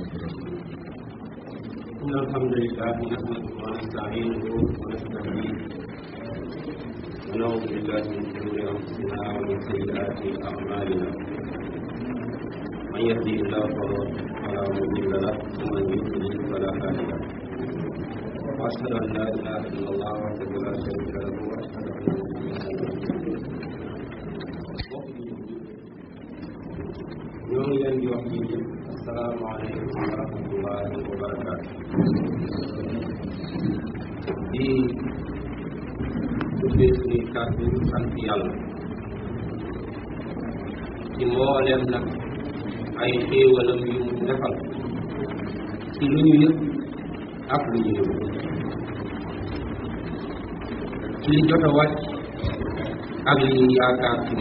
إن الحمد لله نحمده ونستعينه ونستهديه ونعوذ بالله من شرور أنفسنا ومن سيئات أعمالنا من يهدي الله فلا مضل له ومن يضلل فلا هادي له وأشهد أن لا إله إلا الله وحده لا شريك له وأشهد أن محمدا رسول الله ñoo ngi leen di wax asalaamaaleykum wa rahmatullahi wa barakaatu di tuddee suñuy kàddu sant yàlla ci mbooleem nag ay xéewalam yu mu defal ci lu ñu yëg ak lu ñu yëg ci jot a wàcc ak li ñu yaakaar ci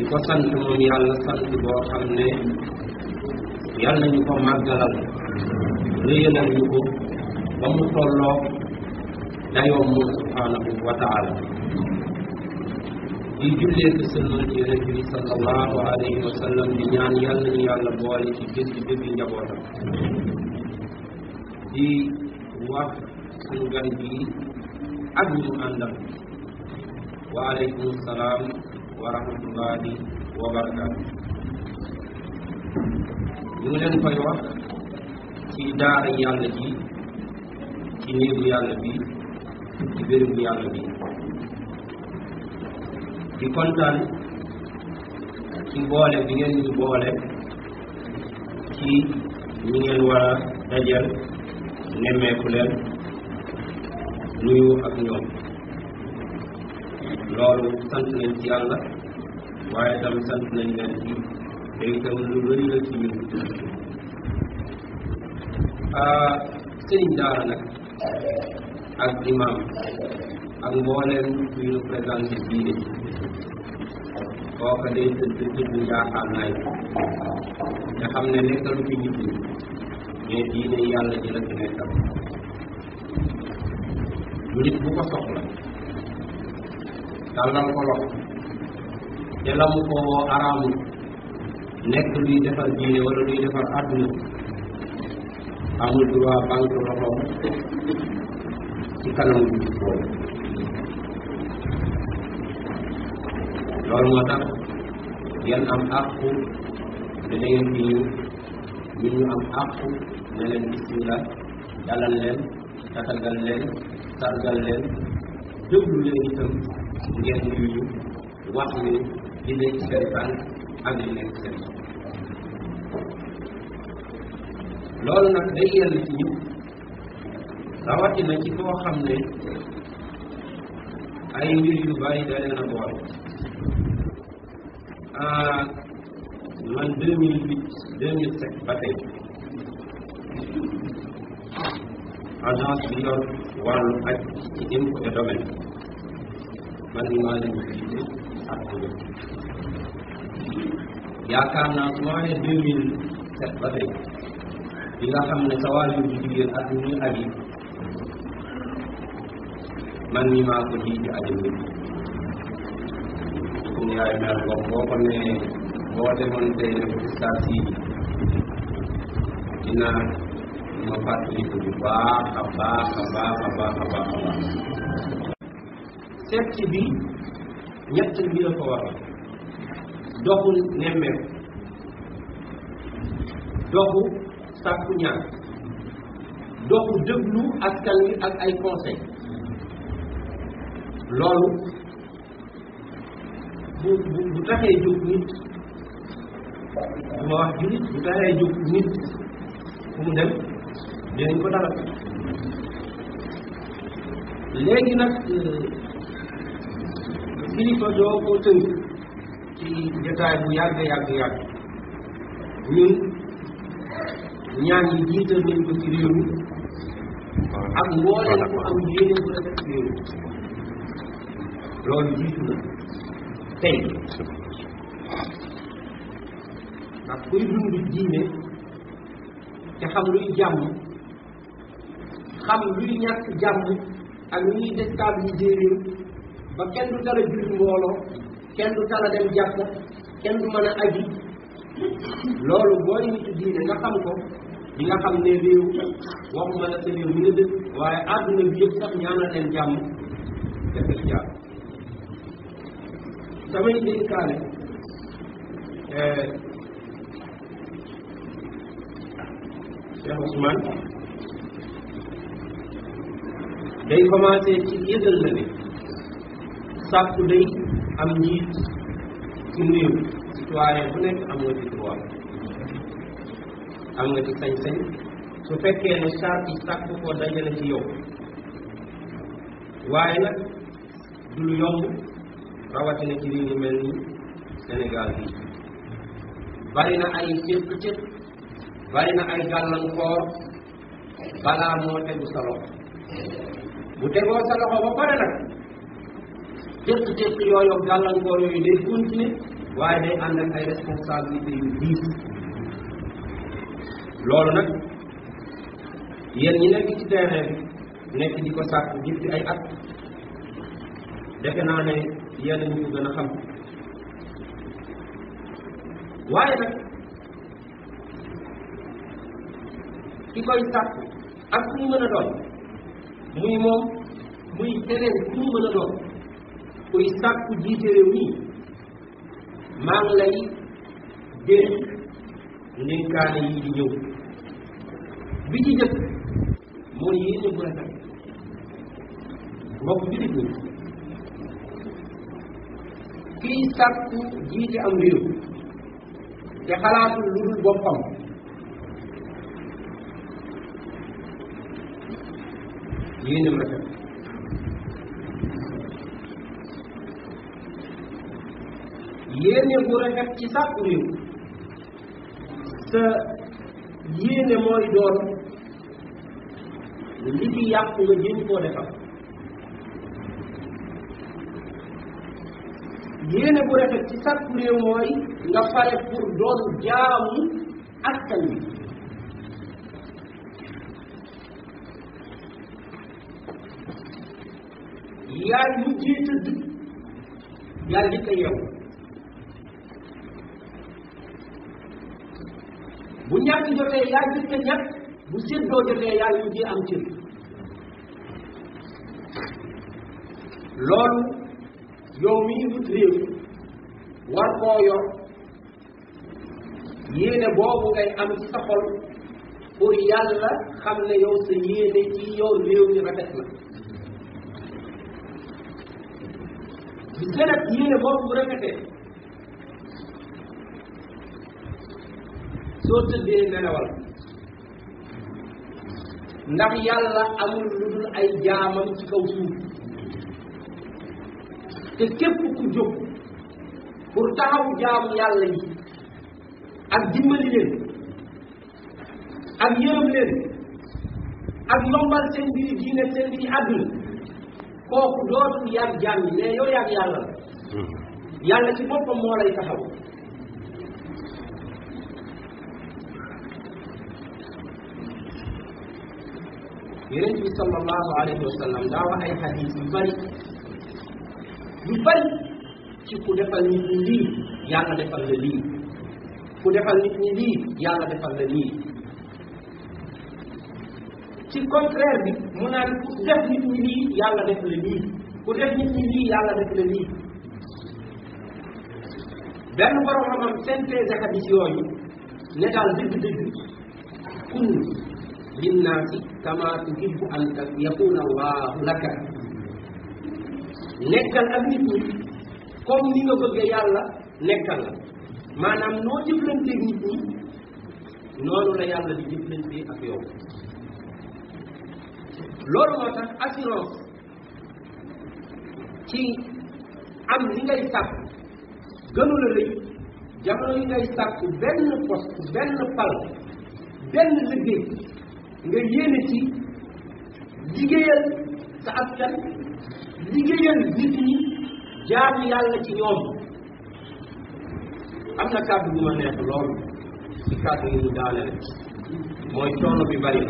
di ko sant moom yàlla sant boo xam ne yàlla ñu ko màggalal réyalal ñu ko ba mu tolloo dayoom moom subhaanahu wa taala di jullee ko sëlmal ci yonent bi sallallahu alayhi wa sallam di ñaan yàlla ñu yàlla boole ci gën ci dëgg njabootam di wax suñu gan bi ak ñu mu àndal wa aleykum salaam wa rahmatullahi wa barakaatu ñu ngi yi koy wax ci daara yàlla ji ci néegu yàlla bi ci bérébu yàlla bi di kontaan ci mboole bi ngeen ñu boole ci ñi ngeen war a dajeel nemmeeku leen nuyu ak ñoom loolu sant nañ ci yàlla waaye tam sant nañ leen ci te itam lu bëri la ci ñun ah, sëriñ daara nag ak imam ak mbooleem kuy représenté diine kooka day tëdd tëdd njaaxaan naay te xam ne nekkalu fi nit ñi mais diine yàlla ji la fi nekkal nit bu ko soxla tàllal ko loxo te la mu ko araamul nekk luy defar diine wala luy defar àdduna amul droit banque loxoom ci kanamu jullit boobu loolu moo tax ngeen am àqu ne da ngeen di ñu ñu am àqu leen bismillah dalal leen tatagal leen sargal leen déglu leen itam ngeen nuyu wax ni lool nekk nag day yell ci ñu rawatina ci koo xam ne ay mbir yu bari da leen a boole ah, man deux mille huit deux ba tey agence bi yor wàllu ak ci impôt et domaine man maa leen jiite ak dëgg yaakaar deux mille sept ba tey bi nga xam ne sa waajur bu jigéen ak ñu yi man mi maa ko ji ci ajam bi suñu yaay mel bopp boo ko ne boo demoon tey ne ko ma fàttali ko bu baax a baax a baax a baax a baax ñett mbir ko waral doxu nemmeeku doxu sàkku ñaan doxu déglu askan wi ak ay conseil loolu bu bu bu taxee jóg nit ma wax jullit bu taxee jóg nit fu mu dem dinañ ko dara léegi nag euh, kilifa doo ko tënk ci jotaay bu yàgg yàgg yàgg ñun ñaan yi jiital nañ ko ci réew mi ak mbooleem ku am yéene bu rafet ci réew mi loolu jiitu na tey ndax kuy dund diine xam luy jàmm xam luy ñàkk jàmm ak ñuy déstabiliser réew ba kenn du tala julli mbooloo kenn du tala dem jàpp kenn du man a aji loolu booy nitu diine nga xam ko di nga xam ne réew waxuma la sa réew mi nga dëkk waaye àdduna bi yëpp sax ñaanal leen jàmm defal jàmm samay dénkaane eh, Cheikh Ousmane day commencé ci yëgal la bi sàkku day am njiit ci réew citoyen bu nekk am nga ci sañ-sañ su fekkee ne charte yi sàkku ko dajale ci yow waaye nag du lu yomb rawatina ci réew yu mel ni Sénégal bi bari na ay cëpp-cëpp bari na ay gàllankoor balaa moo tegu sa loxo bu tegoo sa loxo ba pare nag déq-déq yooyu gàllankoor yooyu day continuer waaye day ànd ak ay responsabilité yu diis loolu nag yéen ñi nekk ci terrain bi nekk di ko sàkk jëf ay at defe naa ne yéen ñu ko gën a xam waaye nag ki koy sàkk ak ku mën a doon muy moom muy keneen ku mën a doon kuy sàkku jiite réew mi maa ngi lay dénk ndénkaane yi di ñëw bi ci jëkk mooy yéene bu rafet mbokk jullit ñi kiy sàkku jiite am réew te xalaatul lu dul boppam yéene bu rafet yéene bu rafet ci sàkku réew sa yéene mooy doon li fi yàqu nga jëm koo defal yéene bu rafet ci sàkku réew mooy nga pare pour doon jaamu askan wi yaay mujjee tëdd yaa njëkk a yeewu bu ñàkk jotee yaa jëkk ñàkk bu séddoo jotee yaa mujjee am cër loolu yow mi wut réew war koo yor yéene boobu ngay am ci sa xol pour yàlla xam ne yow sa yéene ci yow réew mi rafet na bi gën a yéene boobu bu rafetee soo tëddee nelawal ndax yàlla amul lu dul ay jaamam ci kaw suuf te képp ku jóg pour taxaw jaamu yàlla yi ak dimbali leen ak yërëm ak yombal seen mbiri diine seen mbiri àdduna kooku dootul yar jaam yi mais yàgg yàlla la hmm. yàlla ci boppam moo lay taxaw yonent bi sallallahu alayhi wa sallam daa ay xadis yu bari yu bari ci ku defal nit ñi lii yàlla defal la lii ku defal nit ñi lii yàlla defal la lii ci contraire bi mu naan def nit ñi lii yàlla def nit ñi lii yàlla def la lii benn borom xam-xam synthèse xadis yooyu ne daal dëgg-dëgg kun linnaasi kama tuhibbu an yakuna allahu laka nekkal ak nit ñi comme ni nga bëgg yàlla nekkal la maanaam noo jëflanteeg nit ñi noonu la yàlla di jëflantee ak yow loolu moo tax assurance ci am li ngay sàkk gënu la rëy jamono yi ngay sàkk benn poste benn pal benn liggéey nga yéene ci liggéeyal sa askan liggéeyal nit ñi jaamu yàlla ci ñoom am na kàddu neex lool ci kàddu yi ñu daaneel mooy coono bi bari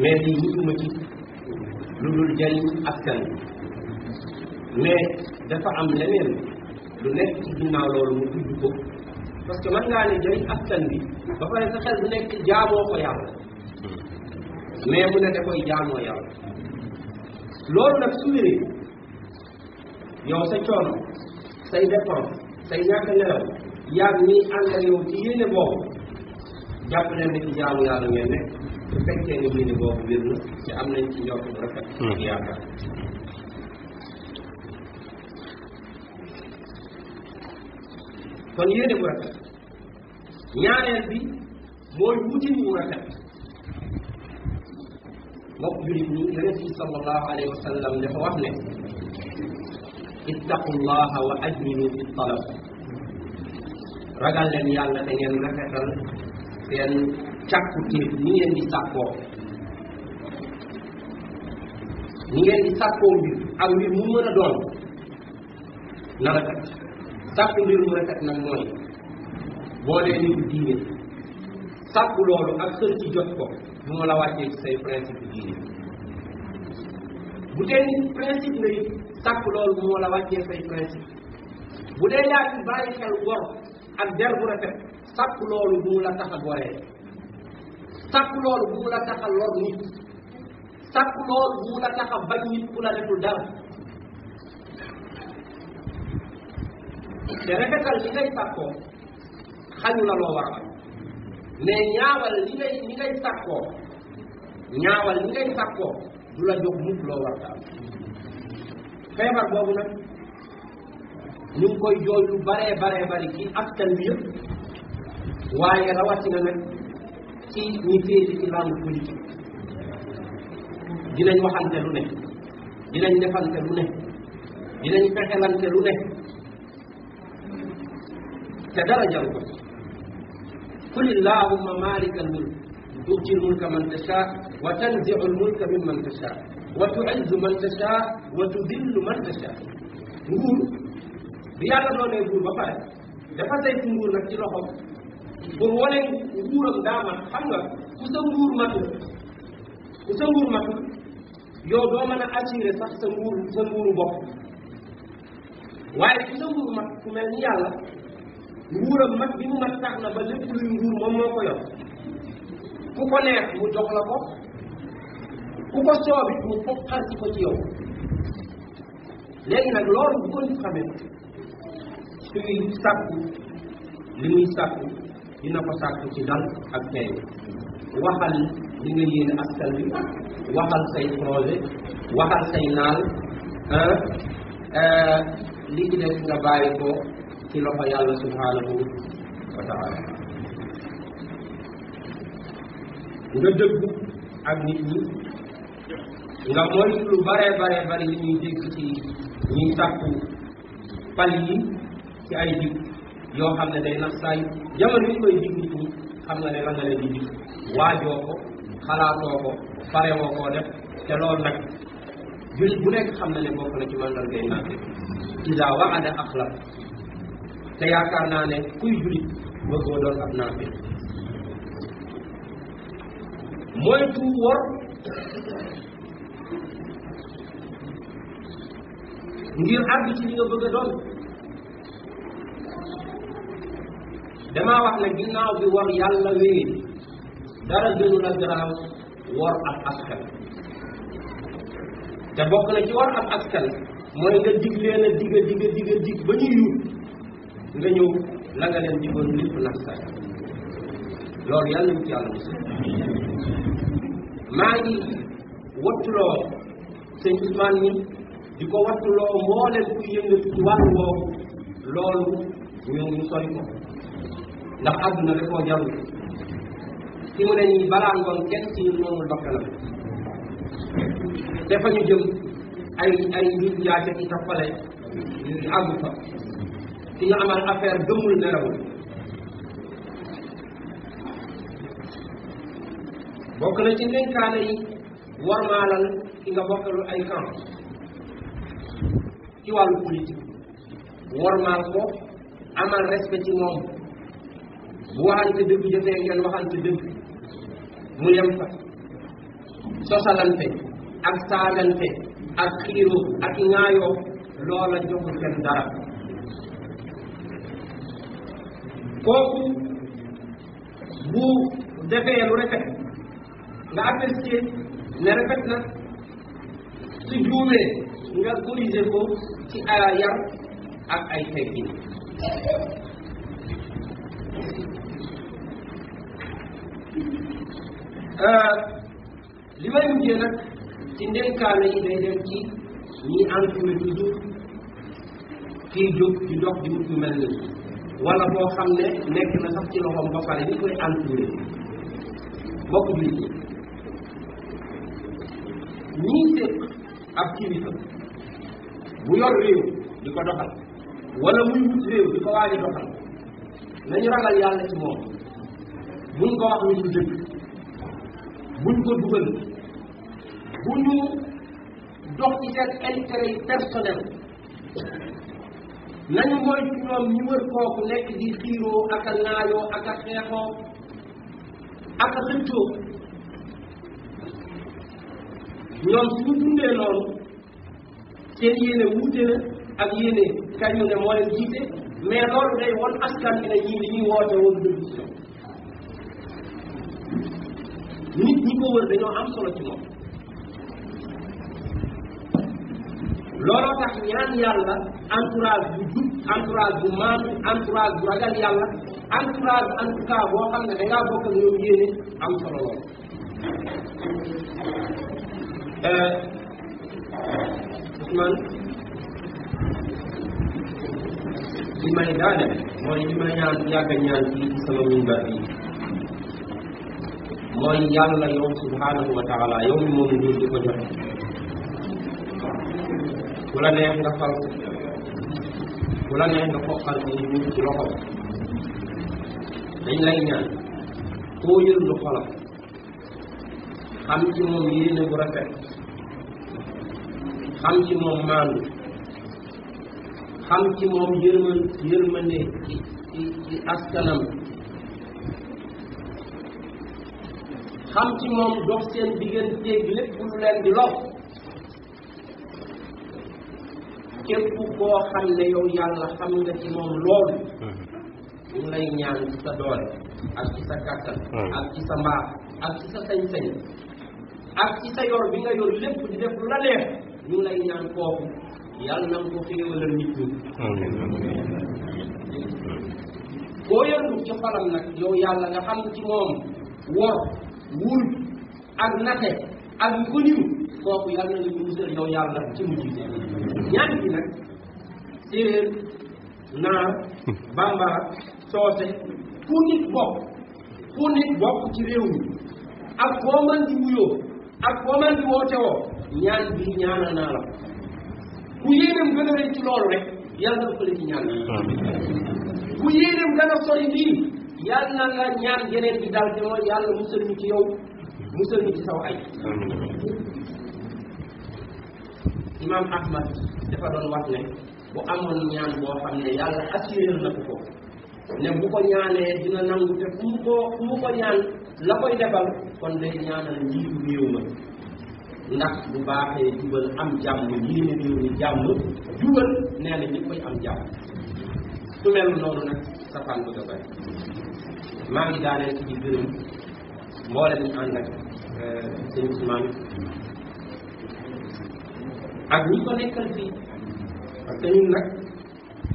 mais lii yituma ci lu dul jariñ askan mais dafa am leneen lu nekk ci ginnaaw loolu mu tudd ko parce que mën ngaa ne jëriñ askan bi ba pare sa xel bu nekk jaamoo ko yàlla mais mu ne da koy jaamoo yàlla loolu nag su wéree yow sa coono say dépense say ñàkk nelaw yàgg ñiy ànd ak yow ci yéene boobu jàpp leen ne ci jaamu yàlla ngeen nekk su fekkee ne yéene boobu wér na am nañ ci njort bu rafet ak hmm. yaakaar kon yéene bu rafet ñaareel bi mooy wutin wu rafet mbokk jullit ñi yonent bi sallallahu alayhi wa sallam dafa wax ne ittaqullaha wa ajminu fi talab ragal leen yàlla da ngeen rafetal seen càkkutéef ni ngeen di sàkkoo ni ngeen di sàkkoo mbir ak mbir mu mën a doon na rafet sàkku mbir mu rafet nag mooy boo dee nitu diine sàkku loolu ak sër ci jot ko mu ma la wàccee ci say principe diine bu dee nit principe ngay sàkku loolu mu ma la wàccee say principe bu dee yaa ngi bàyyi xel gor ak der bu rafet sàkku loolu bu mu la tax a goree sàkku loolu bu mu la tax a lor nit sàkku loolu bu mu la tax a bañ nit ku la deful dara te rafetal li ngay sàkkoo xañu loo war a am mais ñaawal li ngay li ngay sàkkoo ñaawal li ngay sàkkoo du la jox mukk loo war a am feebar boobu nag ñu koy jooy lu bare baree bari ci askan bi yëpp waaye rawatina nag ci ñi féete ci langue politique dinañ waxante lu ne dinañ defante lu ne dinañ fexelante lu ne te dara jaru ko qul illahumma malika al mulk tuuti al mulka man tasha wa tanziu al mulka mimman tasha wa tuizzu man tasha wa tudillu man tasha nguur bi yàlla doonee nguur ba pare dafa saytu nguur nag ci loxoom pour wane nguuram daa mat xam nga ku sa nguur matul ku sa nguur matul yow doo mën a assuré sax sa nguur sa nguuru bopp waaye ku sa nguur mat ku mel ni yàlla nguuram mat bi mu mat tax na ba lépp luy nguur moom moo ko yor ku ko mu jox la ko ku ko soobit mu foqar ci ko ci yow léegi nag loolu bu ko nit xamee suy sàkku li muy sàkku dina ko sàkku ci dal ak tey waxal li nga yéene askan bi waxal say projet waxal say naal ah, ah, li ci def nga bàyyi ko ci loxo yàlla subhaanahu wa taala nga dëggu ak nit ñi nga moytu lu bare bare bari li ñuy dégg ci ñuy sàkku pal yi ci ay dig yoo xam ne day nax saay jamono yi koy dig nit ñi xam ne la nga di dig waajoo ko xalaatoo ko parewoo koo def te loolu nag jullit bu nekk xam na ne bokk na ci mandargay naafeq idaa wa'ada axlaf te yaakaar naa ne kuy jullit bëggoo doon ab naafiq moytu wor ngir àgg ci li nga bëgg doon damaa wax ne ginnaaw bi wor yàlla wéyee dara gënu la garaaw wor ab askan te bokk na ci wor ab askan mooy nga dig a dig a dig a dig ba ñuy yuut nga ñëw la nga leen digoon lépp lax saay loolu yàlla nañ ci yàlla mos maa ngi wattuloo sëñ Ousmane ni di ko wattuloo mbooleem kuy yëngatu ci wàllu woowu loolu ñu sori ko ndax àdduna da koo jarul ci mu ne nii balaa ngoon kenn ci ñun moomul bakkanam jëm ay ay nit jaake ci tappale ñu àggu fa ki ñu amal affaire gëmul nelawul bokk na ci ndénkaane yi warmaalal ki nga bokkalul ay camp ci wàllu politique warmaal ko amal respect ci moom bu waxante dëgg jotee ngeen waxante dëgg mu yem fa sosalante ak saagante ak xiiroo ak ñaayoo loola joxul dara kooku bu defee lu rafet nga apprécier ne rafet na su juumee nga corriger ko ci ay ak ay teggin euh, li may mujjee nag ci ndénkaane yi day dem ci ñi entouré toujours kiy jóg di dox di wut lu mel ni wala koo xam ne nekk na sax ci loxoom ba pare ñu koy entouré bokk jullit yi ñii séq ab kilifa bu yor réew di ko doxal wala muy wut réew di ko waaji doxal nañu ragal yàlla ci moom buñ ko wax lu dul dëgg buñ ko dugal bu ñu dox ci seen intérêt yi na moytuloon ñu wër kooku nekk di xiiroo ak a naayoo ak a xeexoo ak a xëccoo ñoom suñu dundee loolu seen yéene wuute ak yéene kañu ne moo leen jiite mais loolu won askan bi ne ñii li ñuy woote woon dëgg nit ñi ko wër dañoo am looloo tax ñaan yàlla entourage bu jub entourage bu maanu entourage bu ragal yàlla entourage en tout cas boo xam ne dangaa bokk ak ñoom yéene am solo lool euh, Ousmane li may daane mooy li ma ñaan yàgg a ñaan ci sama minbar bi mooy yàlla yow subhanahu wa taala yow mi moom nguur di ko joxe bu la neex nga fal bu la neex nga foqal ay nit ci loxo dañ lay ñaan koo yël lu xolam xam ci moom yéene bu rafet xam ci moom maandu xam ci moom yërman yërmande ci ci askanam xam ci moom dox seen digganteeg lépp lu leen di képp koo xam ne yow yàlla xam nga ci moom loolu ñu mm-hmm. ngi lay ñaan ci doole ak ci sa kàttan mm. ak ci sa mbaax ak ci sa sañ yor bi nga yor lépp di def lu la neex ñu ngi lay ñaan kooku yàlla na nga ko xéewalal nit ñi koo mm-hmm. yëngu ci xolam nag yow yàlla nga xam ci moom wor wul ak nate ak nkonim kooku yàlla na ñu musal yow yàlla ci mujj ñaan gi nag séeréer naar bambara soose fu nit bokk fu ci réew mi ak boo man di wuyoo ak bi ñaanal naa la bu yéeneem gën a na fële ci ñaan bu yéeneem gën a sori lii yàlla na la geneen bi dal te mooy yàlla musal ci yow musal ñu ci saw ay imaam ahmad dafa doon wax ne bu amoon ñaan boo xam ne yàlla assuré na ko ko ne bu ko ñaanee dina nangu te fu mu ko fu mu ko ñaan la koy defal kon day ñaanal njiitu réew ma ndax bu baaxee jubal am jàmm yéene réew mi jàmm jubal nee na ñi koy am jàmm su mel noonu nag safaan bëgg a maa ngi daaneel ci di gërëm mboole ñu ànd ak euh, sëñ Ousmane ak ñi ko nekkal fii parce que ñun nag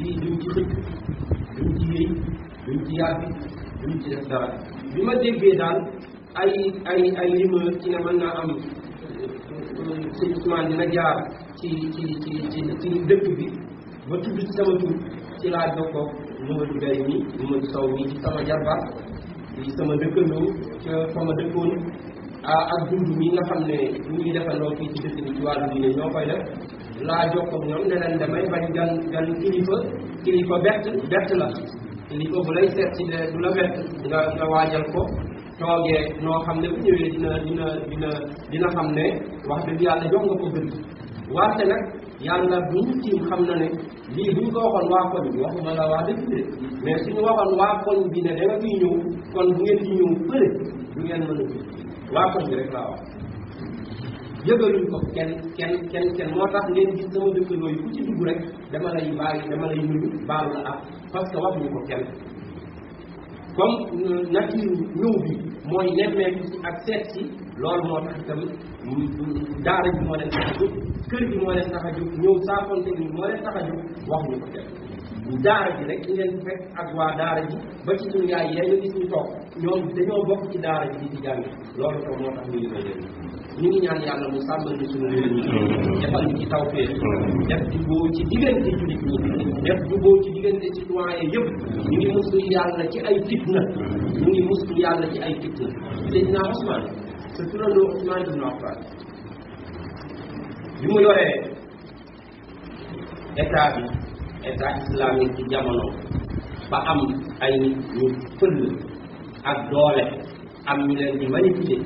lii duñ ci xëcc duñ ci yëy duñ ci yàbbi duñ ci def dara bi ma déggee daal ay ay ay rumeur ci ne mën naa am euh, sëñ Ousmane dina jaar ci ci ci ci dëkk bi ba tudd ci sama tur ci laa jokkoo Mamadou Gaye mi Mamadou Sow mi ci sama jarbaat di sama dëkkandoo ca fa ma ak dund mi nga xam ne ñu ngi defandoo fii ci dëkk bi ci wàllu diine ñoo koy def laa jokkoog ñoom ne leen damay bañ gan kilifa kilifa bett bett la kilifa bu lay seet si de du la bett nga nga waajal ko toogee noo xam ne bu ñëwee dina dina dina dina xam ne wax dëgg yàlla jox nga ko gën wante nag yàlla bu ñu tiim xam na ne lii bu ñu ko waxoon waa koñ bi waxuma la waa dëkk bi mais suñu waxoon waa koñ bi ne da nga ñëw kon bu ngeen di ñëw fële du ngeen waa koñ bi rek laa wax yëgaluñ ko kenn kenn kenn moo tax ngeen gis sama dëkk yooyu ku ci dugg rek dama lay bàyyi dama lay nuyu baalu la parce que waxuñu ko kenn comme euh, nature ñëw bi mooy nemmeeku ci ak seet si loolu moo tax itam ji moo leen tax a jóg kër gi moo leen tax a jóg ñëw saafonte gi moo leen tax a jóg waxuñu ko kenn daara ji rek ngeen fekk ak waa daara ji ba ci suñu yaay yee ñu gis ñu toog ñoom dañoo bokk ci daara ji di ci jàng loolu ko moo tax ñu ngi koy déglu ñu ngi ñaan yàlla mu sàmmal ñu suñu réew mi defal ñu ci tawfeex def juboo ci diggante jullit ñi def juboo ci diggante citoyen yëpp ñu ngi muslu yàlla ci ay fitna ñu ngi muslu yàlla ci ay fitna Seydina Ousmane sa turandoo Ousmane ibn Affan bi mu yoree état bi état islamique ci jamono ba am ay nit ñu fëll ak doole am ñu leen di manipuler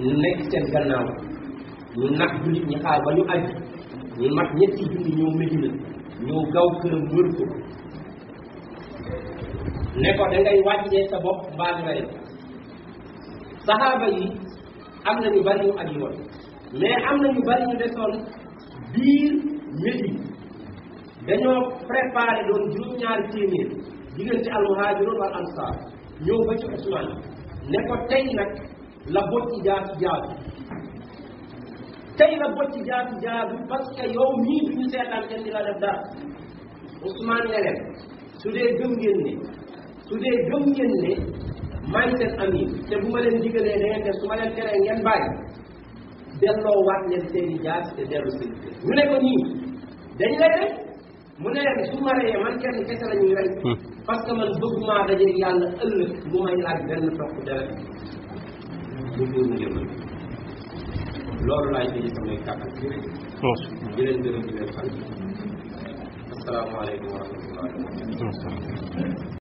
ñu nekk seen gannaaw ñu nax jullit ñi xaar ba ñu aj ñu mat ñetti junni ñëw Medina ñëw gaw këram wër ko ne ko da ngay wàccee sa bopp mbaa di rey saxaaba yi am na ñu bari ñu aj woon am na ñu bari ñu desoon biir Medina dañoo préparé doon juróom-ñaari téeméer diggante almuhaajiroon wal ansaar ñëw ba ci Usmaan ne ko tey nag la ci jaasi jaadu tey la bocci jaasi jaadu parce que yow mii duñu seetaan kenn di la def dara Usmaan ne leen su dee gëm ne su dee gëm ne maay seen ami te bu ma leen digalee da ngeen def su ma leen teree ngeen bàyyi delloo waat leen seeni jaasi te dellu seen ñu ne ko nii dañ lay rek mu ne leen su ma reyee man kenn kese la ñuy rey hmm. parce que man bëgg maa dajeeg yàlla ëllëg bu may laaj benn topp dara mu dóor mu jëmal loolu laay jëli samay kàttan ci rek di leen gërëm di leen sant asalaamaaleykum wa rahmatullahi wa barakatuh